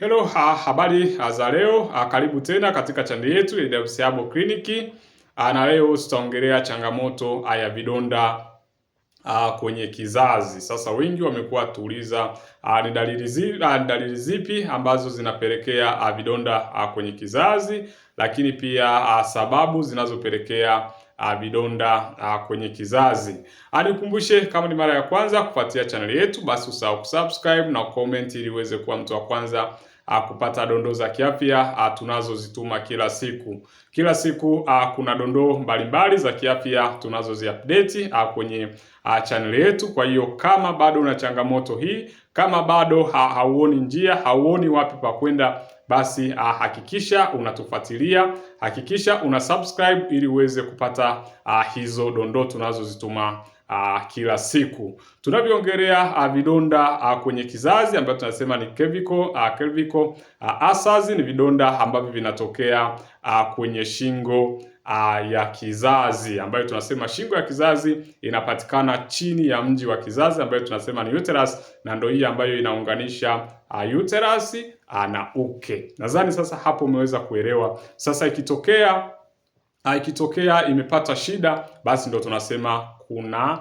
Hello, ha, habari za leo karibu tena katika chaneli yetu ya Dr. Sabo Clinic na leo tutaongelea changamoto ya vidonda kwenye kizazi. Sasa wengi wamekuwa tuuliza ni dalili zipi ambazo zinapelekea vidonda kwenye kizazi, lakini pia sababu zinazopelekea vidonda kwenye kizazi. Nikukumbushe, kama ni mara ya kwanza kufuatia chaneli yetu, basi usahau kusubscribe na comment ili uweze kuwa mtu wa kwanza Ah, kupata dondoo za kiafya ah, tunazozituma kila siku. Kila siku ah, kuna dondoo mbalimbali za kiafya a, kwenye channel yetu. Kwa hiyo kama bado una changamoto hii, kama bado ha hauoni njia, hauoni wapi pa kwenda basi ah, hakikisha unatufuatilia, hakikisha una subscribe ili uweze kupata ah, hizo dondoo tunazozituma uh, kila siku. Tunavyoongelea uh, vidonda uh, kwenye kizazi ambayo tunasema ni cervical uh, cervical uh, ulcers ni vidonda ambavyo vinatokea uh, kwenye shingo Uh, ya kizazi ambayo tunasema shingo ya kizazi inapatikana chini ya mji wa kizazi ambayo tunasema ni uterus, na ndio hii ambayo inaunganisha uh, uterus uh, na uke. Nadhani sasa hapo umeweza kuelewa. Sasa ikitokea ikitokea imepata shida, basi ndio tunasema kuna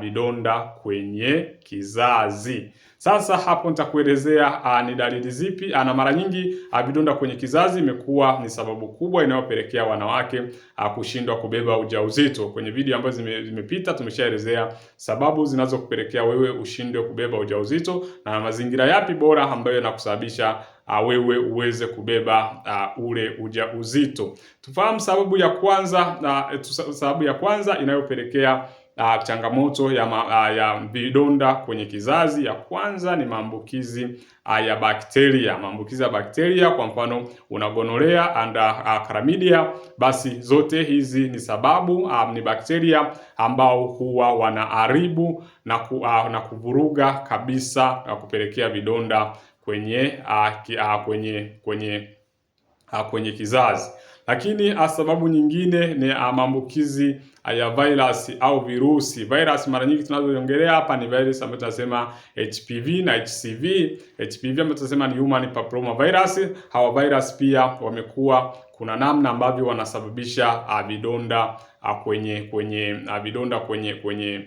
vidonda kwenye kizazi. Sasa hapo nitakuelezea ah, ni dalili zipi, ah, na mara nyingi vidonda kwenye kizazi imekuwa ni sababu kubwa inayopelekea wanawake ah, kushindwa kubeba ujauzito. Kwenye video ambazo zimepita zime tumeshaelezea sababu zinazokupelekea wewe ushindwe kubeba ujauzito na mazingira yapi bora ambayo yanakusababisha uh, wewe uweze kubeba uh, ule ujauzito. Tufahamu sababu ya kwanza uh, sababu ya kwanza inayopelekea uh, changamoto ya, ma, uh, ya vidonda kwenye kizazi ya kwanza ni maambukizi uh, ya bakteria. Maambukizi ya bakteria, kwa mfano unagonolea gonorrhea and uh, chlamydia, basi zote hizi ni sababu uh, ni bakteria ambao huwa wanaharibu na, ku, uh, na kuvuruga kabisa na kupelekea vidonda kwenye a, ki, a, kwenye kwenye a, kwenye kizazi. Lakini a, sababu nyingine ni maambukizi ya virus au virusi. Virus mara nyingi tunazoongelea hapa ni virus ambayo tunasema HPV na HCV. HPV ambayo tunasema ni human papilloma virus. Hawa virus pia wamekuwa kuna namna ambavyo wanasababisha vidonda kwenye kwenye vidonda kwenye kwenye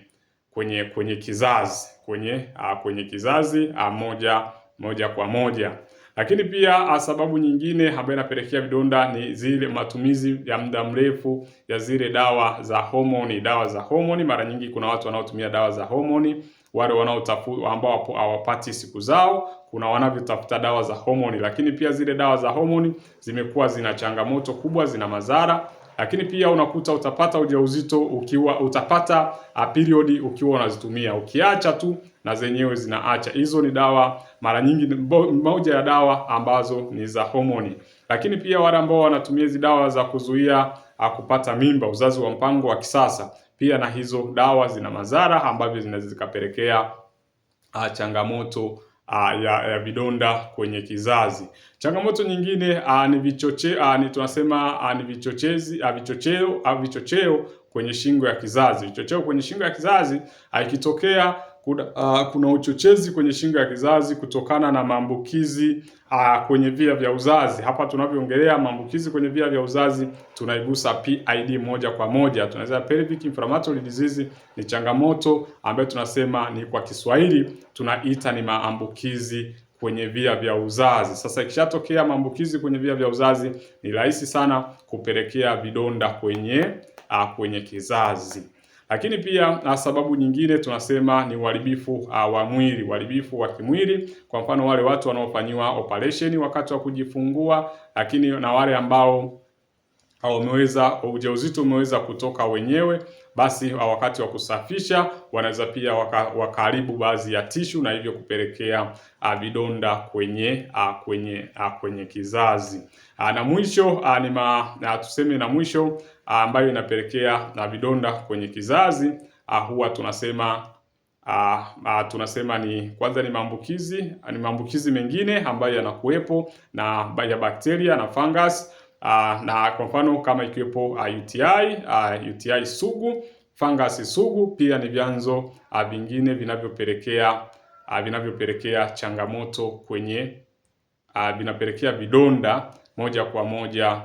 kwenye kwenye kizazi kwenye a, kwenye kizazi a, moja moja kwa moja. Lakini pia ah, sababu nyingine ambayo inapelekea vidonda ni zile matumizi ya muda mrefu ya zile dawa za homoni. Dawa za homoni, mara nyingi kuna watu wanaotumia dawa za homoni, wale wanaotafuta ambao hawapati siku zao, kuna wanavyotafuta dawa za homoni. Lakini pia zile dawa za homoni zimekuwa zina changamoto kubwa, zina madhara lakini pia unakuta utapata ujauzito ukiwa utapata ah, period ukiwa unazitumia, ukiacha tu na zenyewe zinaacha. Hizo ni dawa, mara nyingi moja ya dawa ambazo ni za homoni. Lakini pia wale ambao wanatumia hizi dawa za kuzuia ah, kupata mimba, uzazi wa mpango wa kisasa, pia na hizo dawa zina madhara ambavyo zinaweza zikapelekea ah, changamoto Ah, ya, ya vidonda kwenye kizazi. Changamoto nyingine a, ah, ni vichoche, a, ah, ni tunasema a, ni vichochezi a, vichocheo a, vichocheo kwenye shingo ya kizazi. Vichocheo kwenye shingo ya kizazi ikitokea kuna, uh, ah, kuna uchochezi kwenye shingo ya kizazi kutokana na maambukizi uh, kwenye via vya uzazi. Hapa tunavyoongelea maambukizi kwenye via vya uzazi tunaigusa PID moja kwa moja. Tunaweza pelvic inflammatory disease ni changamoto ambayo tunasema ni kwa Kiswahili tunaita ni maambukizi kwenye via vya uzazi. Sasa ikishatokea maambukizi kwenye via vya uzazi ni rahisi sana kupelekea vidonda kwenye uh, kwenye kizazi. Lakini pia na ah, sababu nyingine tunasema ni uharibifu uh, wa mwili, uharibifu wa kimwili, kwa mfano wale watu wanaofanyiwa operation wakati wa kujifungua, lakini na wale ambao wameweza ujauzito umeweza kutoka wenyewe, basi wakati wa kusafisha wanaweza pia waka, wakaribu baadhi ya tishu na hivyo kupelekea vidonda kwenye a, kwenye a, kwenye kizazi a, na mwisho a, ni ma, na tuseme na mwisho a, ambayo inapelekea na vidonda kwenye kizazi a, huwa tunasema Uh, uh, tunasema ni kwanza ni maambukizi ni maambukizi mengine ambayo yanakuwepo na ya bakteria na fungus Ah, na kwa mfano kama ikiwepo ah, UTI ah, UTI sugu, fangasi sugu pia ni vyanzo vingine vinavyopelekea vinavyopelekea changamoto kwenye vinapelekea vidonda moja kwa moja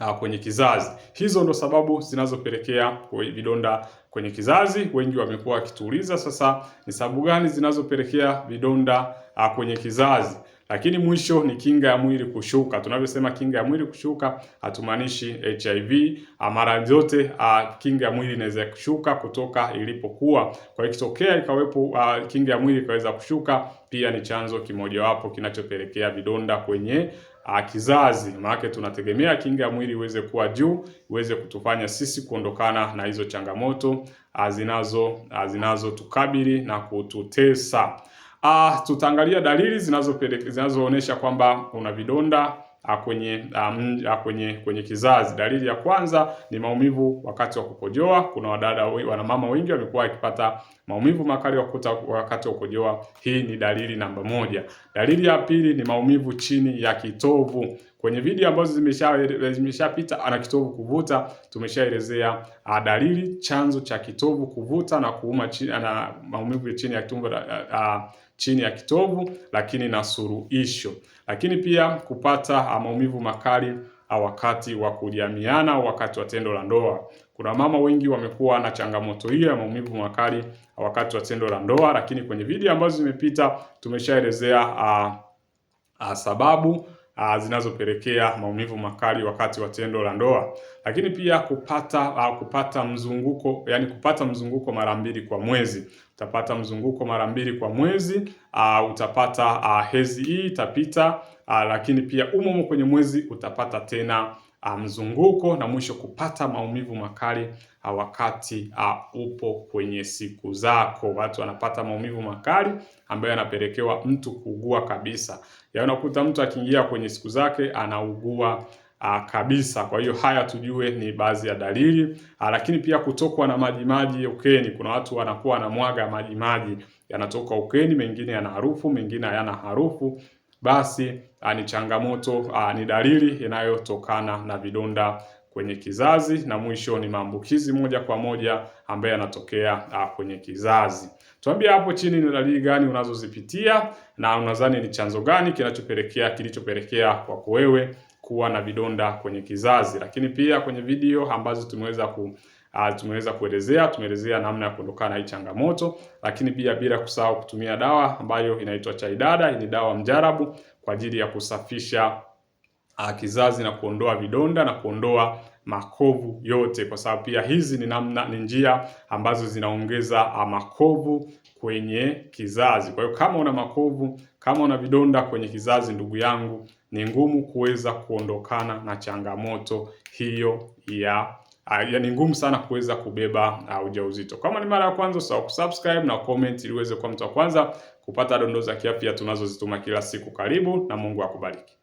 uh, kwenye kizazi. Hizo ndo sababu zinazopelekea vidonda kwenye kizazi. Wengi wamekuwa wakituuliza sasa, ni sababu gani zinazopelekea vidonda uh, kwenye kizazi? Lakini mwisho ni kinga ya mwili kushuka. Tunavyosema kinga ya mwili kushuka, hatumaanishi HIV. Ah, mara zote ah, kinga ya mwili inaweza kushuka kutoka ilipokuwa. Kwa hiyo ikitokea ikawepo ah, kinga ya mwili ikaweza kushuka, pia ni chanzo kimojawapo kinachopelekea vidonda kwenye a, kizazi. Maana tunategemea kinga ya mwili iweze kuwa juu, iweze kutufanya sisi kuondokana na hizo changamoto zinazo zinazotukabili na kututesa. Uh, tutaangalia dalili zinazopeleka zinazoonyesha kwamba una vidonda uh, kwenye um, uh, kwenye kwenye kizazi. Dalili ya kwanza ni maumivu wakati wa kukojoa. Kuna wadada wanamama wengi wamekuwa wakipata maumivu makali wakuta wakati wa kukojoa. Hii ni dalili namba moja. Dalili ya pili ni maumivu chini ya kitovu. Kwenye video ambazo zimeshapita zimesha ana kitovu kuvuta, tumeshaelezea dalili chanzo cha kitovu kuvuta na kuuma chini, na maumivu chini ya tumbo a, a, chini ya kitovu, lakini na suruhisho. Lakini pia kupata ah, maumivu makali ah, wakati wa kujamiana wakati wa tendo la ndoa. Kuna mama wengi wamekuwa na changamoto hiyo ya maumivu makali ah, wakati wa tendo la ndoa, lakini kwenye video ambazo zimepita tumeshaelezea sababu uh, zinazopelekea maumivu makali wakati wa tendo la ndoa, lakini pia kupata uh, kupata mzunguko yani kupata mzunguko mara mbili kwa mwezi. Utapata mzunguko mara mbili kwa mwezi uh, utapata uh, hezi hii itapita uh, lakini pia umo kwenye mwezi utapata tena Uh, mzunguko na mwisho kupata maumivu makali uh, wakati uh, upo kwenye siku zako. Watu wanapata maumivu makali ambayo yanapelekewa mtu kuugua kabisa. Ya unakuta mtu akiingia kwenye siku zake anaugua kabisa. Kwa hiyo haya tujue ni baadhi ya dalili lakini pia kutokwa na majimaji ukeni. Kuna watu wanakuwa mwaga majimaji yanatoka ukeni, mengine yana harufu, mengine hayana harufu basi a, ah, ni changamoto a, ah, ni dalili inayotokana na vidonda kwenye kizazi na mwisho ni maambukizi moja kwa moja ambayo yanatokea ah, kwenye kizazi. Tuambie hapo chini ni dalili gani unazozipitia na unadhani ni chanzo gani kinachopelekea kilichopelekea kwako wewe kuwa na vidonda kwenye kizazi. Lakini pia kwenye video ambazo tumeweza ku Uh, tumeweza kuelezea, tumeelezea namna ya kuondokana na hii changamoto, lakini pia bila kusahau kutumia dawa ambayo inaitwa chai dada. ni dawa mjarabu kwa ajili ya kusafisha uh, kizazi na kuondoa vidonda na kuondoa makovu yote, kwa sababu pia hizi ni namna, ni njia ambazo zinaongeza ah, makovu kwenye kizazi. Kwa hiyo kama una makovu, kama una vidonda kwenye kizazi, ndugu yangu, ni ngumu kuweza kuondokana na changamoto hiyo ya uh, yani ngumu sana kuweza kubeba uh, ujauzito. Kama ni mara ya kwanza, usahau kusubscribe na comment ili uweze kuwa mtu wa kwanza kupata dondoo za kiafya tunazozituma kila siku. Karibu na Mungu akubariki.